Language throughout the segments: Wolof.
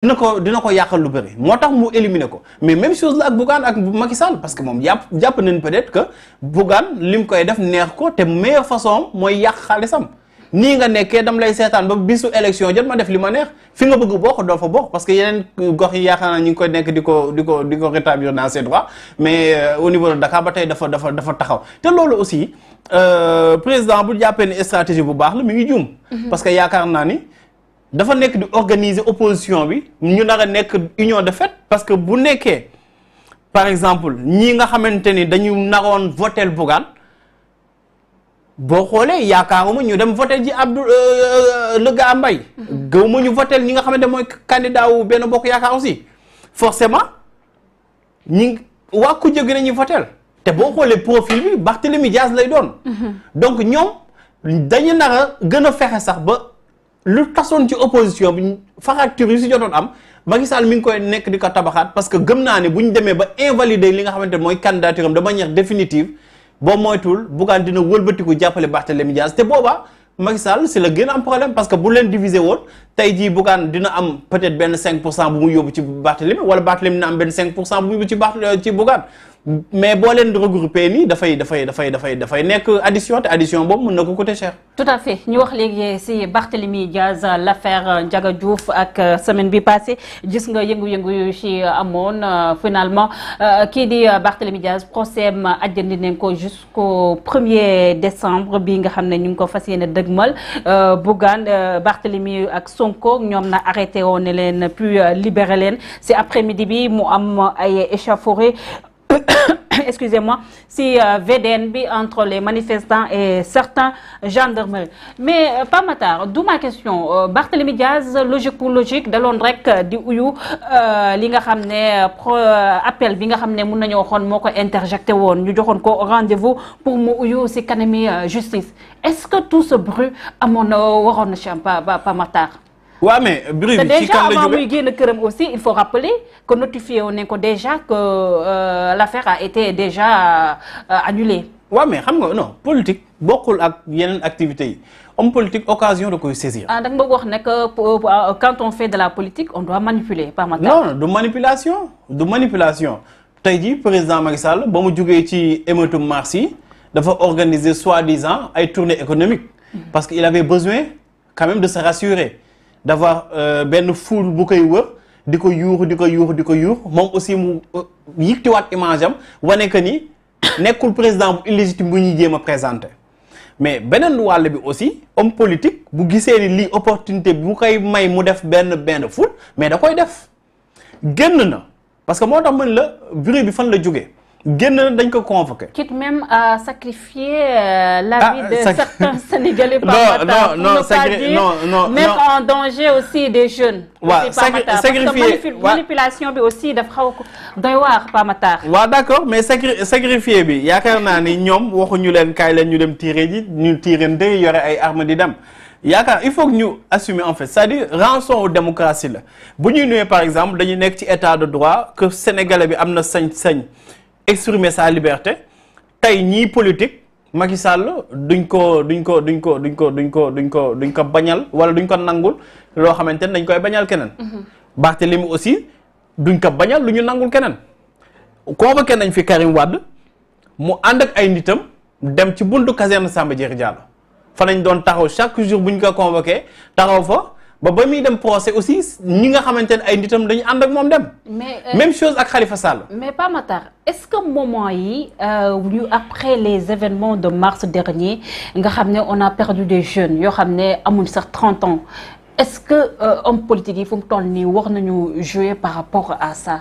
dina ko dina ko yàqal lu bëri moo tax mu éliminer ko mais même chose la ak Bougane ak Macky Sall parce que moom jàpp jàpp nañ peut-être que Bougane lim koy def neex ko te meilleure façon mooy yàq xaalisam nii nga nekkee dam lay seetaan ba bisu élection jot ma def li ma neex fi nga bëgg bokk doo fa bokk parce que yeneen gox yi yaakaar naa ñu ngi koy nekk di ko di ko di ko rétablir dans ses droits mais euh, au niveau de Dakar ba tey dafa dafa dafa taxaw te loolu aussi euh, président bu jàppee ne stratégie bu baax la mi ngi juum mhm. parce que yaakaar naa ni dafa nekk di organiser opposition bi ñu nar a nekk union de fait parce que bu nekkee par exemple ñii nga xamante ni dañu naroon votel Bougane boo xoolee yaakaaruma ñu dem votel ji Abdou euh, euh, le gars Mbaye mm-hmm. gëw ma ñu votel ñi nga xamante mooy candidat wu benn bokk yaakaar aussi forcément ñi waa ku jóg nañu votel te boo xoolee profil bi Barthélémy Dias lay doon mm-hmm. donc ñoom dañu nar gën a fexe sax ba lu tasoon ci opposition bi fracture yi si jotoon am Macky Sall koy nekk di ko tabaxaat parce que gëm naa ne bu ñu demee ba invalider li nga xamante ne mooy candidature am de manière définitive boo moytuwul Bougane dina wëlbatiku jàppale Barthélémy Dias te boobaa Macky si la gën am problème parce que bu leen diviser woon tey jii Bougane dina am peut-être benn 5 pour cent bu mu yóbbu ci Barthélémy wala Barthélémy dina am benn 5 pour cent bu mu yóbbu ci mais boo leen regroupé nii dafay dafay dafay dafay dafay nekk addition te addition boobu mën na ko coûter cher. tout à fait ñu wax léegi si Barthélemy Diaz l' affaire euh, Ndiaga Diouf ak euh, semaine bi passée gis nga yëngu-yëngu yu ci euh, amoon finalement kii di Barthélemy Diaz procès am ajjandi nañ ko premier décembre bi nga xam ne ñu ngi ko fas yéene dëgmal Bougane Barthélemy ak Sonko ñoom na arrêté woon ne leen puis libéré leen si après midi bi mu am ay échauffourées. excusez-moi si euh, VDN bi entre les manifestants et certains gendarmes mais euh, Pape Matar du ma question euh, Barthélémy Diaz logique pour logique daloon rek di uyu li nga xam ne pro appel bi nga xam ne mun na nañu waxoon moo ko interjecté woon ñu joxoon ko rendez-vous pour mu uyu si kanami justice est-ce que tout ce bruit amoon na waroon na ci am Pape Matar waa ouais, mais bruit bi ci kan la jógee génn këram aussi il faut rappeler que notifié woon nañ ko déjà que euh, l'affaire a été déjà euh, annulée. waaw ouais, mais xam nga no politique bokkul ak yeneen activités yi homme politique occasion da koy saisir. ah da nga bëgg wax ne que euh, quand on fait de la politique on doit manipuler par ma non non du manipulation du manipulation tey jii président Macky Sall ba mu jugee ci émeute mars yi dafa organiser soi-disant ay tournées économiques. Mm. parce que il avait besoin quand même de se d'avoir euh, benn foule bu koy wër di ko yuuxu di ko yuuxu di ko yuuxu moom aussi mu euh, yëkkatiwaat image am wane que nii nekkul président bu illégitime bu ñu jéem a présenté mais beneen wàll bi aussi homme politique bu gisee ni lii opportunité bu koy may mu def benn benn foule mais da koy def génn na parce que moo tax man la bureau bi fan la jógee génn na dañ ko convoqué. quitte même à sacrifier euh, la ah, vie de sac... certains Sénégalais. non non non no sacri... no non mettre en danger aussi des jeunes. waaw sacri... sacrifier waaw manipulation bi aussi daf xaw ko doy waar Pamatar. waaw waa accord mais sacri sacrifier bi yaakaar naa ni ñoom waxuñu leen kaay leen ñu dem tiire ji ñu tiirante yore ay armes di dem. yaakaar il faut ñu assumer en sa c'est-à-dire rançon démocratie la bu ñuy nuyee par exemple dañu nekk ci état de droit que sénégalais bi am na sañ-sañ. exprimer sa liberté tey ñii politique Macky Sall duñ ko duñ ko duñ ko duñ ko duñ ko duñ ko duñ ko bañal wala duñ ko nangul loo xamante ne dañ koy bañal keneen. Mhm. Barthélemy aussi duñ ko bañal lu ñu nangul keneen. convoqué nañ fi Karim Wade mu ànd ak ay nitam dem ci buntu caserne Samba Diéry Diallo fa lañ doon taxaw chaque jour buñ ko convoqué taxaw fa. ba ba muy dem procès aussi ni nga xamante ne ay nitam dañu ànd ak moom dem. mais euh, même chose ak Khalifa Sall. mais Pape Matar est-ce que moment yi ñu euh, après les événements de mars dernier nga xam ne on a perdu des jeunes yoo xam ne amuñ sax 30 ans. est-ce que euh, homme politique yi fu mu toll nii war nañu jouer par rapport à ça.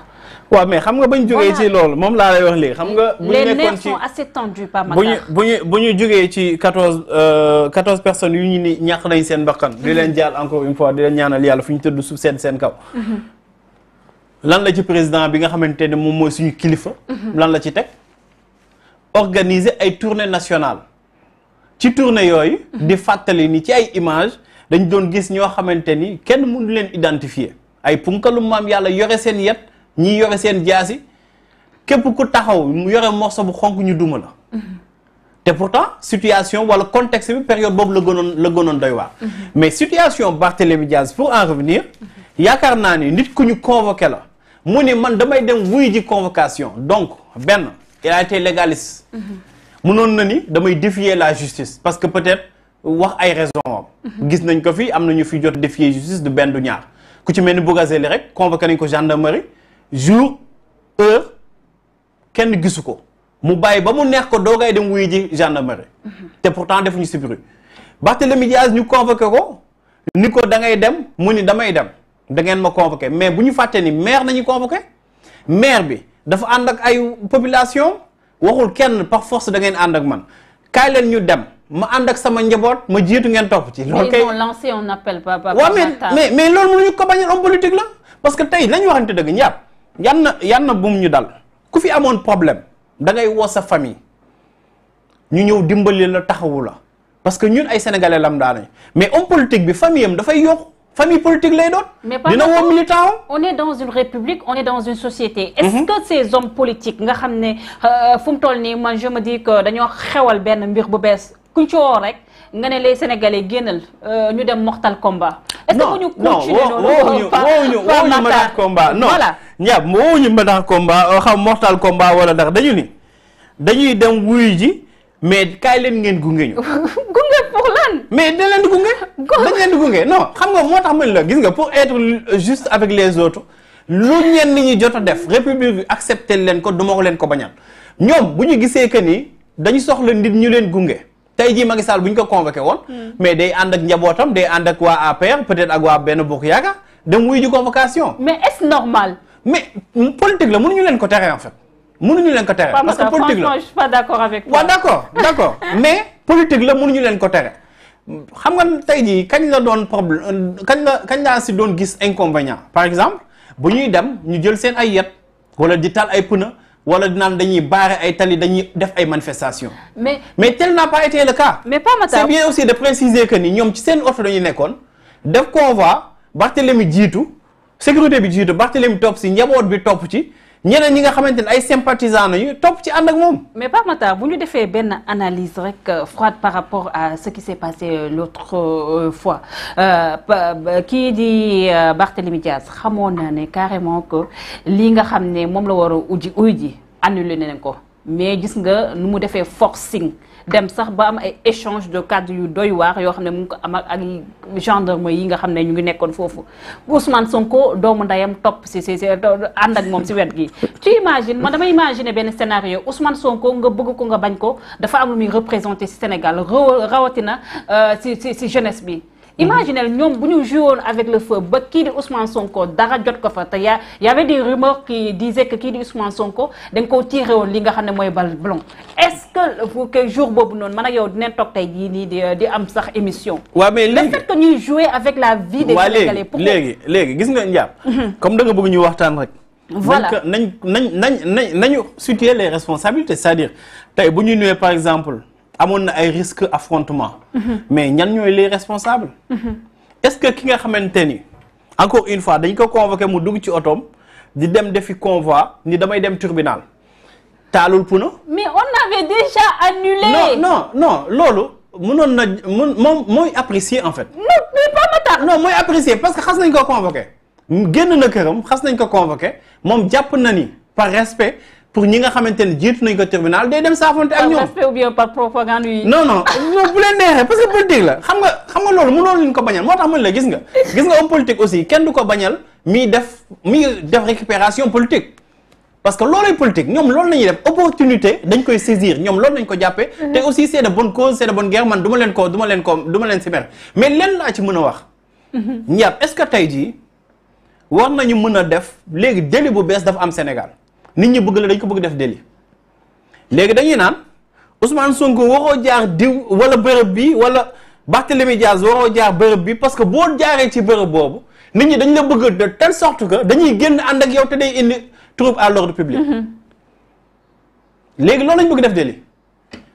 waaw mais xam nga ba ñu jógee ci loolu moom laa lay wax léegi xam nga. bu ñu nekkoon ci les nerfs sont assez ñu jógee ci euh, quatorze personnes yu ñu ni ñàkk nañ seen bakkan. di leen mhm. jaal encore une fois di leen ñaanal yàlla fu ñu tëdd suuf seen seen kaw. Mhm. lan la ci président bi nga xamante ne moom mooy suñu kilifa. Mhm. lan la ci teg organiser ay tournées nationales ci tournée yooyu. di fàttali ni ci ay images. dañu doon gis ñoo xamante ni kenn mënu leen identifier ay punkalu maam yàlla yore seen yet ñii yore seen jaasi képp ku taxaw mu yore morso bu xonk ñu duma la mm-hmm. te pourtant situation wala contexte bi période boobu la gënoon la gënoon doy waar mm-hmm. mais situation Barthélémy Diaz pour en revenir mm-hmm. yaakaar naa ni nit ku ñu convoqué la mu ne man damay dem wuy ji convocation donc benn il a été légaliste mënoon na ni damay défier la justice parce que peut-être wax ay raison am gis nañ ko fii am na ñu fi jot défier justice du benn du ñaar ku ci mel ni Bougazelli rek convoqué nañ ko gendarmerie jour heure kenn gisu ko mu bàyyi ba mu neex ko doogay dem wuyu ji gendarmerie te pourtant defuñu si bruit Barthélémy Diaz ñu convoqué ko ni ko da ngay dem mu ni damay dem da ngeen ma convoqué mais bu ñu fàtte ni maire nañu convoqué maire bi dafa ànd ak ay population waxul kenn par force da ngeen ànd ak man kaay leen ñu dem ma ànd ak sama njaboot ma jiitu ngeen topp ci. loolu kay lancé un appel papa. waaw mais mais mais loolu mënuñu ko bañal homme politique la parce que tey nañu waxante dëgg ñaar yan na yan na bum ñu dal ku fi amoon problème da ngay woo sa famille ñu ñëw dimbali la taxawu la parce que ñun ay sénégalais lam daanañ mais homme politique bi famille dafay yokku. famille politique lay doon. dina woo militant on est dans une république on est dans une société. Mhm. est nga xam ne euh, fu mu toll nii man je me dis que dañoo xewal benn mbir bu bees kuñ ci woo rek nga ne les sénégalais génnal euh, ñu dem mortal combat. est-ce que ñu continuer noonu par par non mortal combat non. voilà ñaar woowuñu euh, mortal combat xam wala ndax dañu ni dañuy dem wuyu ji mais kaay leen ngeen gunge ñu. mais dañ leen di gunge. dañ leen non xam nga moo tax man la gis nga pour être juste avec les autres. lu ni ñu jot a def république bi accepté leen ko duma ko leen ko bañal ñoom bu ñu gisee que nii dañu soxla nit ñu leen gunge. tey jii Macky Sall bu ñu ko convoqué woon. Hmm. mais day ànd ak njabootam day ànd ak waa APR peut-être ak waa benn bokk yaakaar dem wuy ji convocation. mais est-ce normal. mais politique la mënuñu leen ko tere en fait. ñu leen ko tere parce que politique la je suis pas d'accord avec toi. waaw d'accord d'accord mais politique leen ko tere. xam nga tey jii kañ la doon problème kañ la kañ laa si doon gis inconvénient par exemple bu ñuy dem ñu jël seen ay yet wala di taal ay pneu. wala dinaan dañuy baare ay tali dañuy def ay manifestation mais mais tel n'a pas été le cas. mais pas Matar c'est bien préciser que ni ñoom ci seen oto dañu nekkoon def convoi Barthélemy jiitu sécurité bi jiitu Barthélemy topp si njaboot bi topp ci. ñeneen ñi nga xamante ne ay sympathisants nañu topp ci ànd ak moom. mais Pape Makhtar bu ñu defee benn analyse rek euh, froide par rapport à ce qui s'est passé euh, l'autre euh, fois kii di Barthélémy Diaz xamoon na ne carrément que lii nga xam ne moom la war a uji uy ji annulé nañ ko mais gis nga nu mu defee forcing dem sax ba am ay échange de cadre yu doy waax yoo xam ne mu ngi ko am ak gendarme yi nga xam ne ñu ngi nekkoon foofu Ousmane Sonko doomu ndayam topp si si si ànd ak moom si wet gi ci imagines ma dama imaginer benn scénario Ousmane Sonko nga bëgg ko nga bañ ko dafa am lu muy représenté si Sénégal rawatina euh, si si si jeunesse bi Mhm. imaginez ñoom bu ñu joué woon avec le feu ba kii di Ousmane Sonko dara jot ko fa te yaa a y' di des rumeurs qui kii di Ousmane Sonko dañ koo tiré woon li nga xam ne mooy bal blanc est-ce que que jour boobu noonu man ak yow dinañ toog tey jii nii di di am sax émission. waaw mais léegi le fait que ñuy jouer avec la vie des Sénégalais. pour léegi léegi gis nga Ndiaye. Mhm. comme da nga bëgg ñu waxtaan rek. voilà nañ nañ nañ nañ nañu situer les responsabilités c'est-à-dire tey bu ñu ñëwee par exemple. amoon na ay risque affrontement mais ñan ñooy les responsables est-ce que ki nga xamante ni encore une fois dañ ko convoqué mu dugg ci otoom di dem defi convoi ni damay dem tribunal taalul puna mais on avait déjà annulé non non loolu mënoon na mun moom mooy apprécier en fait non mais mooy apprécier parce que xas nañ ko convoqué génn na këram xas nañ ko convoqué moom jàpp na ni par respect pour ñi nga xamante ne jiitu nañ ko tribunal day dem saafonte ak ñoom respect ou bien par propagande yi non non non bu leen neexee parce que politique la xam nga xam nga loolu mënoo leen ko bañal moo tax man la gis nga gis nga homme politique aussi kenn du ko bañal miy def miy def récupération politique parce que loolay politique ñoom loolu la ñuy def opportunité dañ koy saisir ñoom loolu lañ ko jàppee mhm. te aussi c'est de bonne cause c'est de bonne guerre man du leen ko du ma leen ko si mer mais leen laa ci mën a wax mhm. ñaar est-ce que tey jii war nañu mën a def léegi délit bu bees dafa am Sénégal nit ñi bëgg la dañ ko bëgg def délit léegi dañuy naan Ousmane Sonko waroo jaar diw wala bërëb bi wala Barthélemy Diaz waroo jaar bërëb bi parce que boo jaaree ci bërëb boobu nit ñi dañ la bëgg de telle sorte que dañuy génn ànd ak yow te day indi trouble à l'ordre public. Mhm. léegi loolu lañ bëgg def délit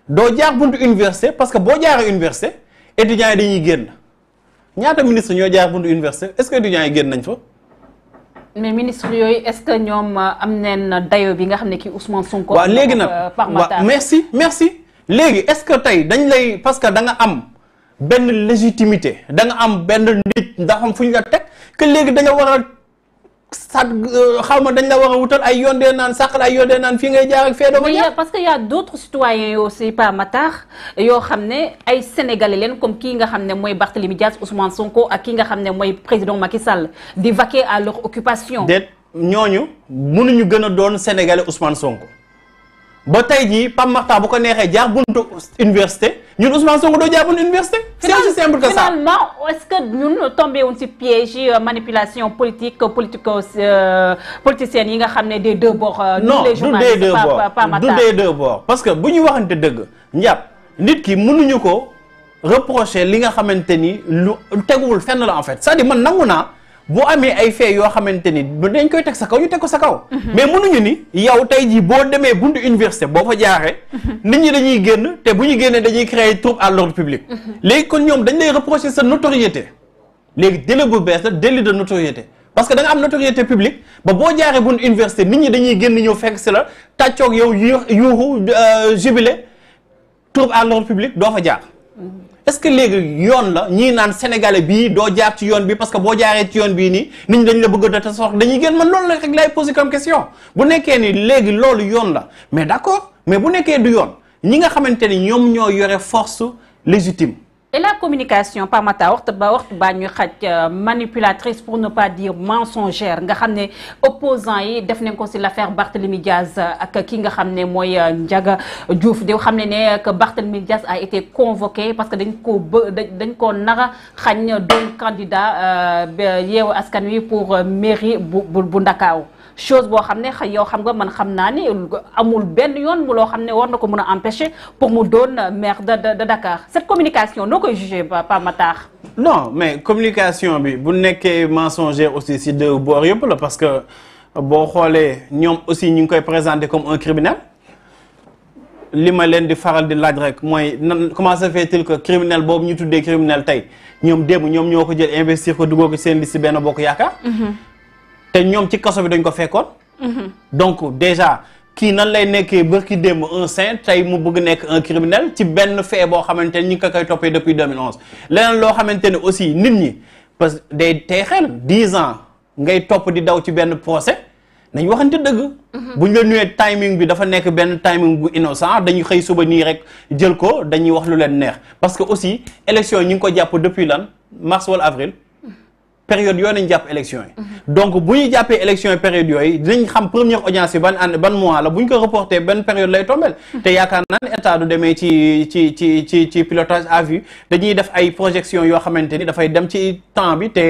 doo jaar buntu université parce que boo jaaree université étudiants yi dañuy génn ñaata ministre ñoo jaar buntu université est-ce que étudiants yi génn nañ fa. mais ministre yooyu est-ce que ñoom euh, am neen dayo bi nga xam ne kii Ousmane Sonko. waaw léegi nag euh, waaw merci merci. léegi est-ce que tey dañ lay parce que da am benn légitimité da nga am benn nit ndax fu ñu la teg que léegi dañoo war a sàkk euh, xaw ma dañ la war a wutal ay yoon dee naan sàq ay yoon naan fii ngay jaar ak fee dama jaar parce que y a d'autres citoyens yi aussi par Matar yoo xam ne ay sénégalais leen comme kii nga xam ne mooy Barthélémy Dias Ousmane Sonko ak kii nga xam ne mooy président Macky Sall di vaquer à leur occupation. déet ñooñu ñu gën a doon sénégalais Ousmane Sonko. ba tey jii Pape Makhtar bu ko neexee jaar buntu université ñun Ousmane Sonko doo jaar buntu université. c'est aussi simple que ça finalement est-ce que ñun tombé wuñ ci piège yi euh, manipulation politique euh, politico euh, politicienne yi nga xam ne des deux bords. non du des deux parce que bu ñu waxante dëgg njàpp nit ki mënuñu ko reprocher li nga xamante ni lu teguwul fenn la en fait cest à man nangu naa. boo amee ay fee yoo xamante ni dañ koy teg sa kaw ñu teg ko sa kaw. mais mënuñu ni yow tey jii boo demee buntu université boo fa jaaree. nit ñi dañuy génn te bu ñu génnee dañuy créer trouble à l'ordre public. léegi kon ñoom dañ lay reprocher sa notoriété léegi délit bu bees la délit de notoriété. parce que da nga am notoriété publique ba boo jaaree bunt université nit ñi dañuy génn ñëw fekk si la tàccoog yow yuuxu euh, jubile trouble à l'ordre public doo fa jaar est-ce que léegi yoon la ñii naan sénégalais bii doo jaar ci yoon bi parce que boo jaaree ci yoon bi nii nit ñi dañ la bëgg a te sox dañuy génn man loolu la rek laay posé comme question bu nekkee ni léegi loolu yoon la mais d'accord mais bu nekkee du yoon ñi nga xamante ni ñoom ñoo yore force légitime et la communication Pape Makhtar waxtu ba waxtu baa ñuy xaj euh, manipulatrice pour ne pas dire mensongère nga xam ne opposant yi def nañ ko si l' affaire Barthélemy Diaz ak ki nga xam ne mooy euh, njaga Diouf di xam ne ne que Barthélemy Diaz a été convoqué parce que dañ koo bë dañ koo nara xañ doon candidat euh, yeewu askan wi pour mairie bu bu Ndakaaru chose boo xam ne xëy yow xam nga man xam naa ni amul benn yoon mu loo xam ne war na ko mën a empêcher pour mu doon maire de de Dakar cette communication noo koy jugé Pa Matar non mais communication bi bu nekkee mensonger aussi si deux boor yëpp la parce que boo xoolee ñoom aussi ñu ngi koy présenter comme un criminel li ma leen di faral di laaj rek mooy nan comment se fait-il que criminel boobu ñu tuddee criminel tey ñoom démb ñoom ñoo ko jël investir ko duggoo ko seen liste Benno Bokk Yaakaar mm-hmm. te ñoom ci kaso bi dañ ko fekkoon. Mhm. donc déjà kii nan lay nekkee bërki démb un saint tey mu bëgg nekk un criminel ci benn fee boo xamante ni ñu ngi ko koy toppee depuis 2011. leneen loo xamante ne aussi nit ñi parce que day tey xel 10 ans ngay topp di daw ci benn procès nañ waxante dëgg. Mhm. bu ñu la nuyee timing bi dafa nekk benn timing bu innocent dañuy xëy suba nii rek jël ko dañuy wax lu leen neex parce que aussi élection ñu ngi ko jàpp depuis lan mars wala avril. période yooyu nañ jàpp élection yi donc bu ñu jàppee élection yi période yooyu dinañ xam première audience yi ban an ban mois la bu ñu ko reporté ban période lay tombeel te yaakaar naa ne état du demee ci ci ci ci ci pilotage à vie dañuy def ay projection yoo xamante ni dafay dem ci temps bi te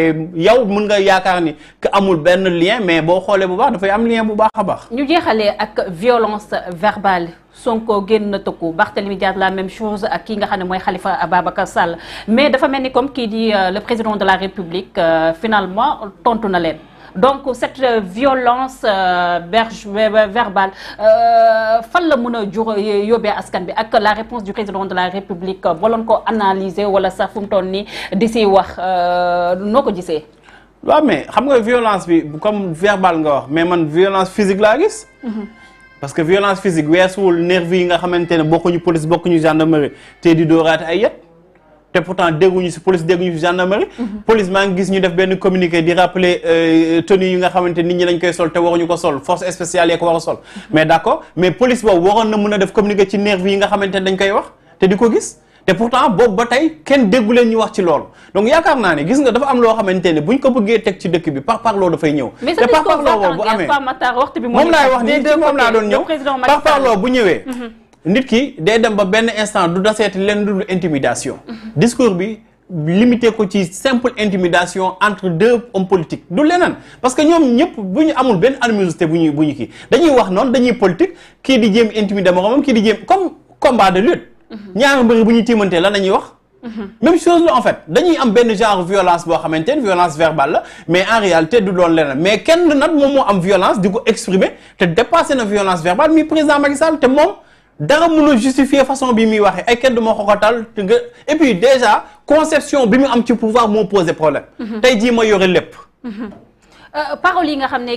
yow mun nga yaakaar ni que amul benn lien mais boo xoolee bu baax dafay am lien bu baax a baax ñu jeexalee ak violence verbale Sonko génn na tëkku Barthélemy Dias la même chose ak kii nga xam ne mooy Khalifa Ababacar Sall mais dafa mel ni comme kii di euh, le président de la République euh, finalement tontu na leen donc cette euh, violence berge verbale fan la mun a jur yóbbee askan bi ak la réponse du président de la République boloon ko analyser wala sa fu toll nii di si wax noo ko gisee. waaw mais xam nga violence bi comme verbale nga wax mais man violence physique laa gis. Mhm. parce que violence physique weesuwul nervi nga xamante ne bokkuñu police bokkuñu gendarmerie te di dooraate ay yet te pourtant dégguñu si police dégguñu gendarmerie. Mhm. police maa ngi gis ñu def benn communiqué di rappeler euh, tenue yi nga xamante nit ñi lañ koy sol te waruñu ko sol force spéciale yee ko war a sol. Mhm. mais d'accord mais police boobu waroon na mën a def communiqué ci nervi yi nga xamante ne dañ koy wax te di ko gis. te pourtant boobu ba tey kenn déggu leen ñu wax ci loolu donc yaakaar naa ne gis nga dafa am loo xamante ne buñ ko bëggee teg ci dëkk bi par par parloo dafay ñëw te par parloo boobu bu amee moom laay wax ni ci moom laa doon ñëw par parloo bu ñëwee mhm. nit ki day dem ba benn instant du daseeti leen dul intimidation mhm. discours bi limité ko ci simple intimidation entre deux hommes politiques du leneen parce que ñoom ñëpp bu ñu amul benn animosité bu ñu bu ñu kii dañuy wax noonu dañuy politique kii di jéem intimider moromam kii di jéem comme combat de Mhm. ñaari mbëri bu ñuy tiimantee la ñuy wax mhm. même chose la en fait dañuy am benn genre violence boo xamante violence verbale la mais en réalité du doon leneen mais kenn nag moom moo am violence di ko exprimer te dépassé na violence verbale mi président Macky te moom dara mun a justifier façon bi muy waxee ay kenn du ma xoxatal te nga et puis déjà conception bi mu am ci pouvoir moo posé problème. Mhm. tey jii yore lépp. Euh, paroles yi nga xam ne